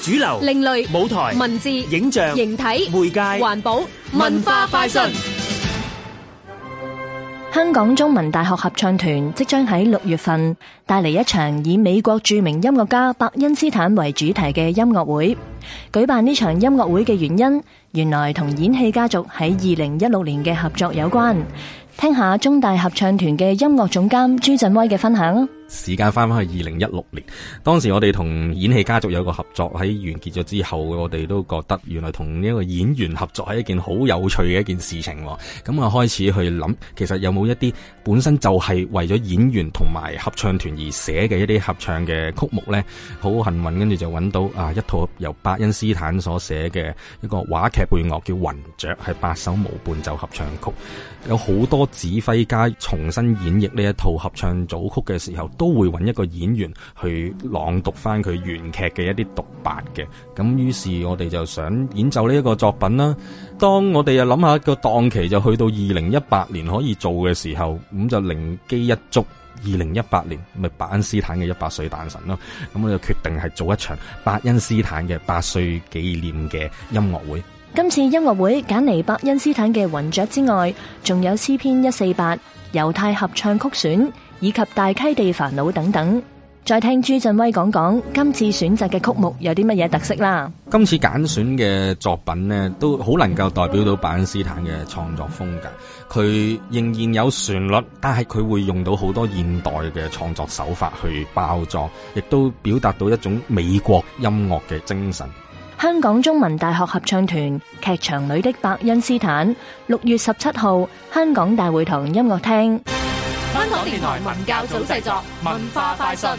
主流、另類、舞台、文字、影像、形體、媒介、環保、文化快訊。香港中文大學合唱團即將喺六月份帶嚟一場以美國著名音樂家伯恩斯坦為主題嘅音樂會。舉辦呢場音樂會嘅原因，原來同演戲家族喺二零一六年嘅合作有關。聽下中大合唱團嘅音樂總監朱振威嘅分享。時間翻翻去二零一六年，當時我哋同演戲家族有個合作，喺完結咗之後，我哋都覺得原來同呢個演員合作係一件好有趣嘅一件事情。咁啊，開始去諗，其實有冇一啲本身就係為咗演員同埋合唱團而寫嘅一啲合唱嘅曲目呢？好幸運，跟住就揾到啊一套由伯恩斯坦所寫嘅一個話劇配樂，叫《雲雀》，係八首無伴奏合唱曲。有好多指揮家重新演繹呢一套合唱組曲嘅時候，都會揾一個演員去朗讀翻佢原劇嘅一啲獨白嘅，咁於是我哋就想演奏呢一個作品啦。當我哋又諗下個檔期就去到二零一八年可以做嘅時候，咁就靈機一觸，二零一八年咪巴恩斯坦嘅一百歲誕辰咯。咁我就決定係做一場巴恩斯坦嘅百歲紀念嘅音樂會。今次音樂會揀嚟巴恩斯坦嘅《雲雀》之外，仲有詩篇一四八猶太合唱曲選。以及大溪地煩惱等等，再聽朱振威講講今次選擇嘅曲目有啲乜嘢特色啦。今次揀選嘅作品呢，都好能夠代表到伯恩斯坦嘅創作風格。佢仍然有旋律，但係佢會用到好多現代嘅創作手法去包裝，亦都表達到一種美國音樂嘅精神。香港中文大學合唱團《劇場裏的伯恩斯坦》，六月十七號香港大會堂音樂廳。香港電台文教組製作，作《文化快訊》。